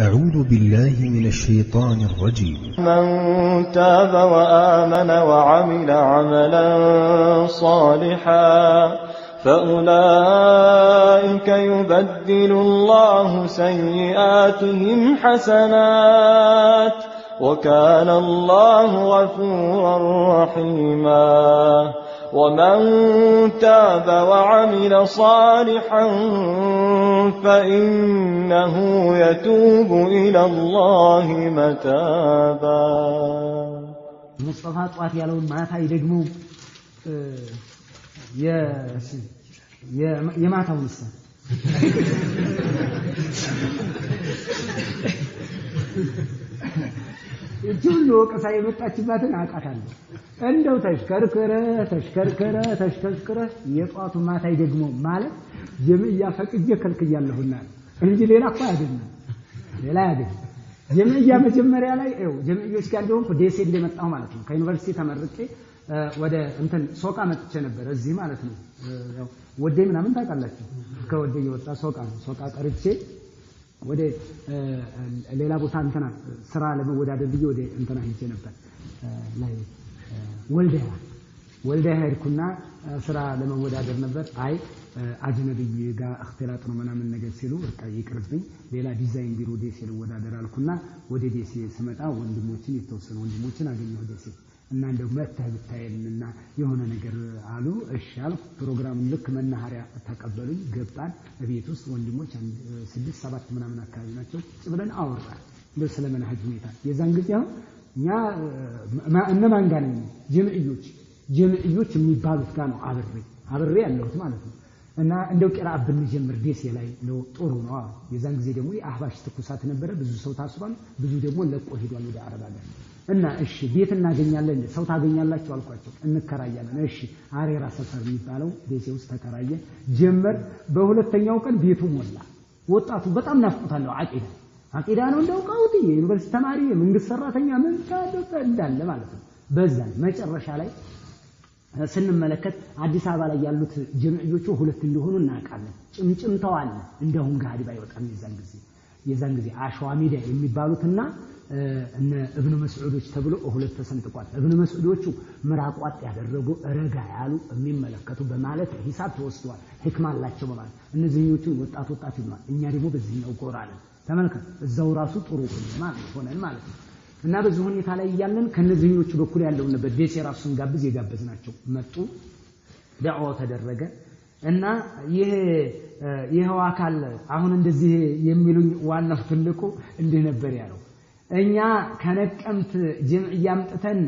أعوذ بالله من الشيطان الرجيم من تاب وآمن وعمل عملا صالحا فأولئك يبدل الله سيئاتهم حسنات وكان الله غفورا رحيما ومن تاب وعمل صالحا فإنه يتوب إلى الله متابا مصطفى طوات يالو ما فاي دغمو آه، يا يا يا ما تاونس Thank you. እቺ ሁሉ ወቀሳ የመጣችባትን አውቃታለሁ። እንደው ተሽከርከረ ተሽከርከረ ተሽከርከረ የጧቱ ማታ ደግሞ ማለት ጀምያ ፈቅጄ ከልክያለሁና እንጂ ሌላ እኮ አይደለም፣ ሌላ አይደለም። ጀምያ መጀመሪያ ላይ ይኸው ጀምዮች ጋር እንደሆንኩ ደሴ እንደመጣሁ ማለት ነው። ከዩኒቨርሲቲ ተመርቄ ወደ እንትን ሶቃ መጥቼ ነበር፣ እዚህ ማለት ነው። ወዴ ምናምን ታውቃላችሁ። ከወዴ የወጣ ሶቃ ነው። ሶቃ ቀርቼ ወደ ሌላ ቦታ እንትና ስራ ለመወዳደር ብዬ ወደ እንትና ሄጄ ነበር ላይ ወልዲያ ወልዲያ ሄድኩና ስራ ለመወዳደር ነበር። አይ አጅነብይ ጋር እክትላጥ ነው ምናምን ነገር ሲሉ በቃ ይቅርብኝ፣ ሌላ ዲዛይን ቢሮ ደሴ ልወዳደር አልኩና ወደ ደሴ ስመጣ ወንድሞችን የተወሰኑ ወንድሞችን አገኘሁ ደሴ እና እንደው መተህ ብታየንና የሆነ ነገር አሉ። እሺ አልኩ። ፕሮግራሙን ልክ መናኸሪያ ተቀበሉኝ። ገባን። ቤት ውስጥ ወንድሞች ስድስት ሰባት ምናምን አካባቢ ናቸው። ጭ ብለን አወራን እንደው ስለ መናሀጅ ሁኔታ። የዛን ጊዜ አሁን እኛ እነማን ጋር ነኝ? ጀምዕዮች ጀምዕዮች የሚባሉት ጋር ነው አብሬ አብሬ ያለሁት ማለት ነው። እና እንደው ቄራ ብንጀምር ደሴ ላይ ነው ጥሩ ነው። የዛን ጊዜ ደግሞ የአህባሽ ትኩሳት ነበረ። ብዙ ሰው ታስሯል፣ ብዙ ደግሞ ለቆ ሄዷል ወደ አረብ አገር እና እሺ ቤት እናገኛለን፣ ሰው ታገኛላችሁ አልኳቸው። እንከራያለን። እሺ አሬራ ሰፈር የሚባለው ቤቴ ውስጥ ተከራየ ጀመር። በሁለተኛው ቀን ቤቱ ሞላ። ወጣቱ በጣም ናፍቆታለሁ። አቂዳ አቂዳ ነው እንደው ቀውት የዩኒቨርሲቲ ተማሪ፣ የመንግስት ሰራተኛ ምን ታደቀ እንዳለ ማለት ነው። በዛ መጨረሻ ላይ ስንመለከት አዲስ አበባ ላይ ያሉት ጀምዕዮቹ ሁለት እንደሆኑ እናውቃለን። ጭምጭምተዋል። እንደውም ጋዲ ባይወጣም የዛን ጊዜ የዛን ጊዜ አሸዋሚዳ የሚባሉትና እነ እብኑ መስዑዶች ተብሎ ሁለት ተሰንጥቋል። እብኑ መስዑዶቹ ምራቋጥ ያደረጉ ረጋ ያሉ የሚመለከቱ በማለት ሂሳብ ተወስደዋል። ህክማ አላቸው በማለት እነዚህኞቹን ወጣት ወጣት ይሆናል። እኛ ደግሞ በዚህኛው ጎራ ነን። ተመልከት፣ እዛው ራሱ ጥሩ ሆነን ማለት ነው። እና በዚህ ሁኔታ ላይ እያለን ከነዚህኞቹ በኩል ያለው ነበር ደሴ ራሱን ጋብዝ የጋበዝ ናቸው መጡ፣ ዳዕዋ ተደረገ እና ይሄ ይኸው አካል አሁን እንደዚህ የሚሉኝ ዋናው ትልቁ እንዲህ ነበር ያለው። እኛ ከነቀምት ጀምዕያ አምጥተን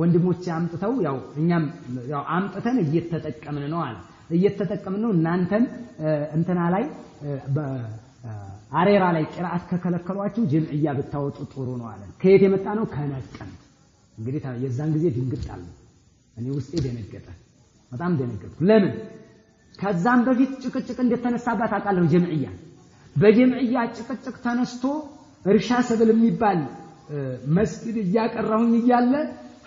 ወንድሞች አምጥተው ያው እኛም ያው አምጥተን እየተጠቀምን ነው አለ። እየተጠቀምን ነው እናንተም እንትና ላይ አሬራ ላይ ቅርአት ከከለከሏችሁ ጀምዕያ ብታወጡ ጥሩ ነው አለ። ከየት የመጣ ነው? ከነቀምት። እንግዲህ የዛን ጊዜ ድንግጥ አለ። እኔ ውስጤ ደነገጠ፣ በጣም ደነገጥኩ። ለምን ከዛም በፊት ጭቅጭቅ እንደተነሳባት አውቃለሁ። ጀምዕያ በጀምዕያ ጭቅጭቅ ተነስቶ እርሻ ሰብል የሚባል መስጊድ እያቀራሁኝ እያለ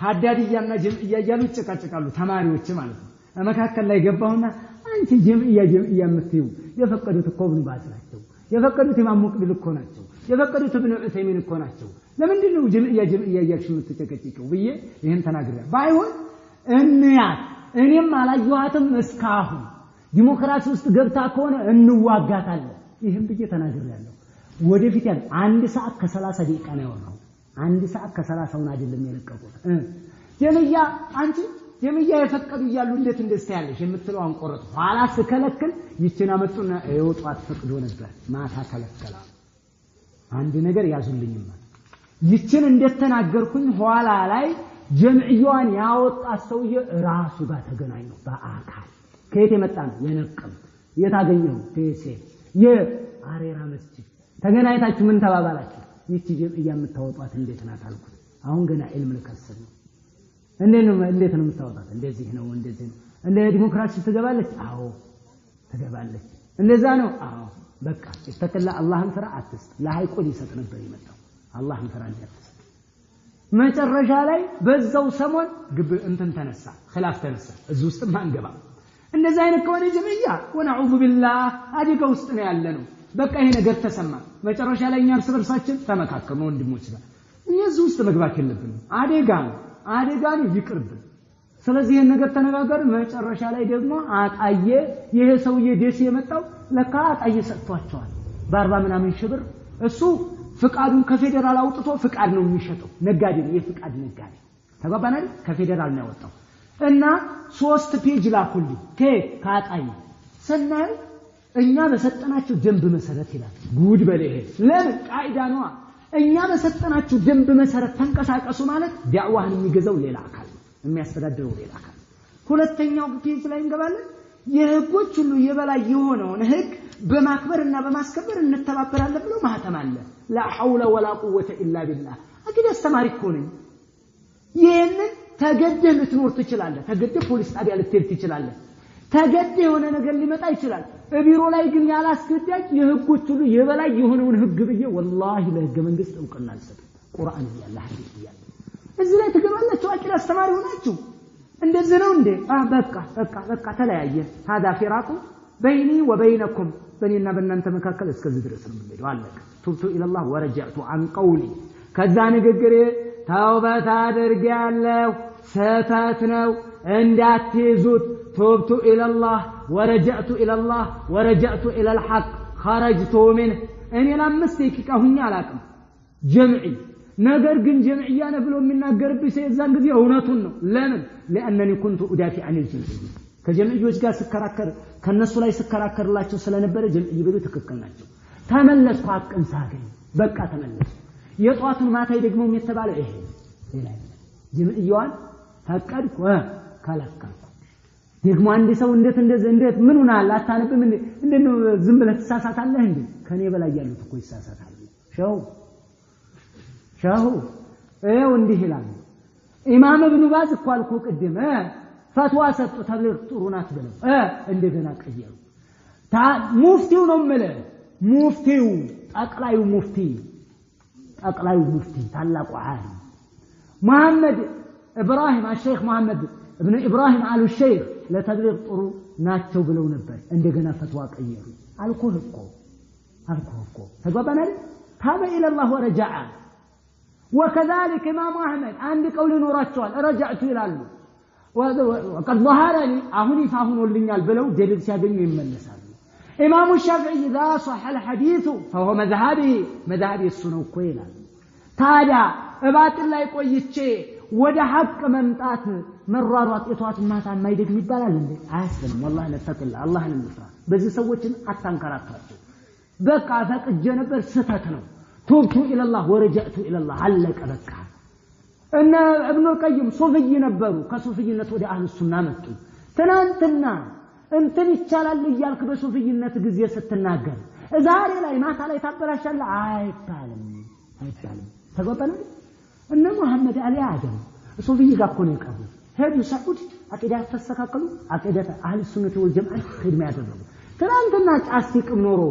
ሀዳድያና ጀምዕያ እያሉ ይጨቃጭቃሉ፣ ተማሪዎች ማለት ነው። መካከል ላይ ገባሁና አንቺ ጀምዕያ ጀምዕያ የምትይው የፈቀዱት እኮ ብን ባዝ ናቸው፣ የፈቀዱት ኢማም ሙቅቢል እኮ ናቸው፣ የፈቀዱት ብን ዑሰይሚን እኮ ናቸው። ለምንድን ነው ጀምዕያ ጀምዕያ እያልሽ የምትጨቀጭቂው ብዬ ይህን ተናግሬ ባይሆን እንያት እኔም አላየኋትም እስካሁን ዲሞክራሲ ውስጥ ገብታ ከሆነ እንዋጋታለን። ይህም ብዬ ያለው ወደፊት ያለ አንድ ሰዓት ከሰላሳ ደቂቃ ነው የሆነው። አንድ ሰዓት ከሰላሳውን አይደለም የለቀቁት። ጀምያ አንቺ ጀምያ የፈቀዱ እያሉ እንዴት እንደስ ያለሽ የምትለው አንቆረጥ ኋላ ስከለክል ይችን አመጡና የወጧት ፈቅዶ ነበር ማታ ከለከላ። አንድ ነገር ያዙልኝማ ይችን እንደተናገርኩኝ ኋላ ላይ ጀምዕያዋን ያወጣት ሰውዬ ራሱ ጋር ተገናኘው በአካል ከየት የመጣ ነው? የነቀም የት አገኘው? ደሴ። የአሬራ መስጂድ ተገናኝታችሁ ምን ተባባላችሁ? ይቺ ጀምዕያ የምታወጧት እንዴት ናት አልኩት። አሁን ገና ዒልም ልከስብ ነው። እንዴት ነው እንዴት ነው የምታወጣት? እንደዚህ ነው እንደዚህ ነው። እንደ ዲሞክራሲ ትገባለች? አዎ ትገባለች። እንደዛ ነው? አዎ በቃ ይስተከላ አላህን ፍራ አትስጥ። ለሃይቆል ይሰጥ ነበር የመጣው አላህን ፍራ እንዳትስጥ። መጨረሻ ላይ በዛው ሰሞን ግብ እንትን ተነሳ፣ ኺላፍ ተነሳ። እዚህ ማን ገባ? እንደዚህ አይነት ከሆነ ጀምያ ወነዑዙ ቢላህ አደጋ ውስጥ ነው ያለ ነው። በቃ ይሄ ነገር ተሰማ። መጨረሻ ላይ እኛ እርስ በርሳችን ተመካከመ ወንድሞች ጋር እዚህ ውስጥ መግባት የለብንም። አደጋ ነው፣ አደጋ ነው፣ ይቅርብን። ስለዚህ ይህን ነገር ተነጋገር። መጨረሻ ላይ ደግሞ አጣየ ይሄ ሰውዬ ደሴ የመጣው ለካ አጣየ ሰጥቷቸዋል በአርባ ምናምን ሺህ ብር። እሱ ፍቃዱን ከፌዴራል አውጥቶ ፍቃድ ነው የሚሸጠው ነጋዴ ነው፣ የፍቃድ ነጋዴ ተጓባናል። ከፌዴራል ነው ያወጣው እና ሶስት ፔጅ ላኩልኝ ከየት ከአጣዬ ስናየው እኛ በሰጠናቸው ደንብ መሰረት ይላል። ጉድ በለሄ ለምን ቃይዳ ነዋ። እኛ በሰጠናችሁ ደንብ መሰረት ተንቀሳቀሱ ማለት ዳዕዋህን የሚገዛው ሌላ አካል የሚያስተዳድረው ሌላ አካል። ሁለተኛው ፔጅ ላይ እንገባለን። የህጎች ሁሉ የበላይ የሆነውን ህግ በማክበር እና በማስከበር እንተባበራለን ብሎ ማህተም አለ። ላ ሐውለ ወላ ቁወተ ኢላ ቢላህ። አግዲህ አስተማሪ እኮ ነኝ ይህንን ተገደህ ልትኖር ትችላለህ። ተገደህ ፖሊስ ጣቢያ ልትሄድ ትችላለህ። ተገደህ የሆነ ነገር ሊመጣ ይችላል። ቢሮ ላይ ግን ያላስገዳጅ የህጎች ሁሉ የበላይ የሆነውን ህግ ብዬ ወላሂ ለህገ መንግስት እውቅና አልሰጥም። ቁርአን እያለ ሐዲስ እያለ እዚህ ላይ ትገባላችሁ። አቂዳ አስተማሪ ሆናችሁ እንደዚህ ነው እንዴ? አህ በቃ በቃ በቃ ተለያየ። ሀዛ ፊራቁ በይኒ ወበይነኩም በእኔና በእናንተ መካከል እስከዚህ ድረስ ነው የምንሄደው። አለቀ። ቱብቱ ኢለላህ ወረጃዕቱ አን ቀውሊ ከዛ ንግግሬ ተውበት አድርጌያለሁ ስህተት ነው እንዳትይዙት ቱብቱ ኢለላህ ወረጀእቱ ኢለላህ ወረጀእቱ ኢለልሐቅ ኸረጅቱ ሚንህ እኔ ለአምስት ደቂቃ ሁኜ አላቅም ጀምዒ ነገር ግን ጀምዕያ ነህ ብሎ የሚናገርብኝ ሰው የዛን ጊዜ እውነቱን ነው። ለምን ለአነኒ ኩንቱ ኡዳፊ አኒል ጀምዕይ ከጀምዕዮች ጋር ስከራከር ከነሱ ላይ ስከራከርላቸው ስለነበረ ጀምዕይ ብሎ ትክክል ናቸው። ተመለስኩ ሀቅን ሳገኝ በቃ ተመለስኩ። የጧቱን ማታይ ደግሞ የተባለው ይሄ ሌላ ጀምዕያዋን ፈቀድኩ ከለከልኩ። ደግሞ አንድ ሰው እንዴት እንደዚህ እንዴት ምን ሆናል አታነብም እንዴ? እንዴት ነው ዝም ብለህ ትሳሳታለህ እንዴ? ከኔ በላይ ያሉት እኮ ይሳሳታሉ። ሸሁ ሸሁ ይኸው እንዲህ ይላል። ኢማም ኢብኑ ባዝ እኮ አልኩህ ቅድም ፈትዋ ሰጡ። ተብሊግ ጥሩ ናት ብለው እንደገና ቀየሩ። ታ ሙፍቲው ነው የምልህ ሙፍቲው፣ ጠቅላዩ ሙፍቲ ጠቅላዩ ሙፍቲ ታላቁ ዓሊም መሐመድ إبراهيم على الشيخ محمد ابن إبراهيم على الشيخ لا تدري قرو ناتو بلو نبي عند جنا فتوى قيرو على كهكو على كهكو تجوابنا هذا إلى الله ورجع وكذلك إمام أحمد عند قول نورتشوال رجعت إلى الله وقد ظهرني أهوني فاهم ولين البلو دليل شابين من النسال إمام الشافعي إذا صح الحديث فهو مذهبي مذهبي السنوكويل تاجا أبات الله يقول يتشي ወደ ሀቅ መምጣት መሯሯጥ የጠዋትን ማታን ማይደግም ይባላል እንዴ? አያስብንም። ወላሂ ነተቅላ አላህን እንፍራ። በዚህ ሰዎችን አታንከራቷቸው። በቃ ፈቅጄ ነበር ስህተት ነው፣ ቱብቱ ኢለላህ ወረጃእቱ ኢለላህ አለቀ በቃ። እነ እብኑል ቀይም ሱፍይ ነበሩ። ከሱፍይነት ወደ አህል ሱና መጡ። ትናንትና እንትን ይቻላል እያልክ በሱፍይነት ጊዜ ስትናገር ዛሬ ላይ ማታ ላይ ታበላሻለህ። አይባልም፣ አይባልም። ተቆጠነ እነ መሐመድ አሊ አደም ሱፍይ ጋር እኮ ነው የቀሩ። ሄዱ ሰዑድ አቂዳ ያስተስተካከሉ አቂዳ አህል ሱነት ወል ጀማዓ ኺድማ ያደረጉ። ትናንትና ጫስ ሲቅም ኖሮ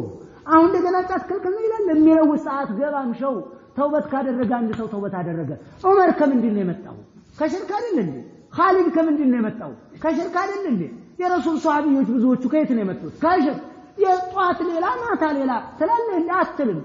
አሁን እንደገና ጫስ ክልክል ይላል። ለሚለውጥ ሰዓት ገባም ሸው ተውበት ካደረገ አንድ ሰው ተውበት አደረገ። ዑመር ከምንድን ነው የመጣው? ከሽርክ አይደል እንዴ? ኻሊድ ከምንድን ነው የመጣው? ከሽርክ አይደል እንዴ? የረሱል ሰሃቢዎች ብዙዎቹ ከየት ነው የመጡት? ከሽርክ የጧት ሌላ ማታ ሌላ ስለዚህ እንዳትልም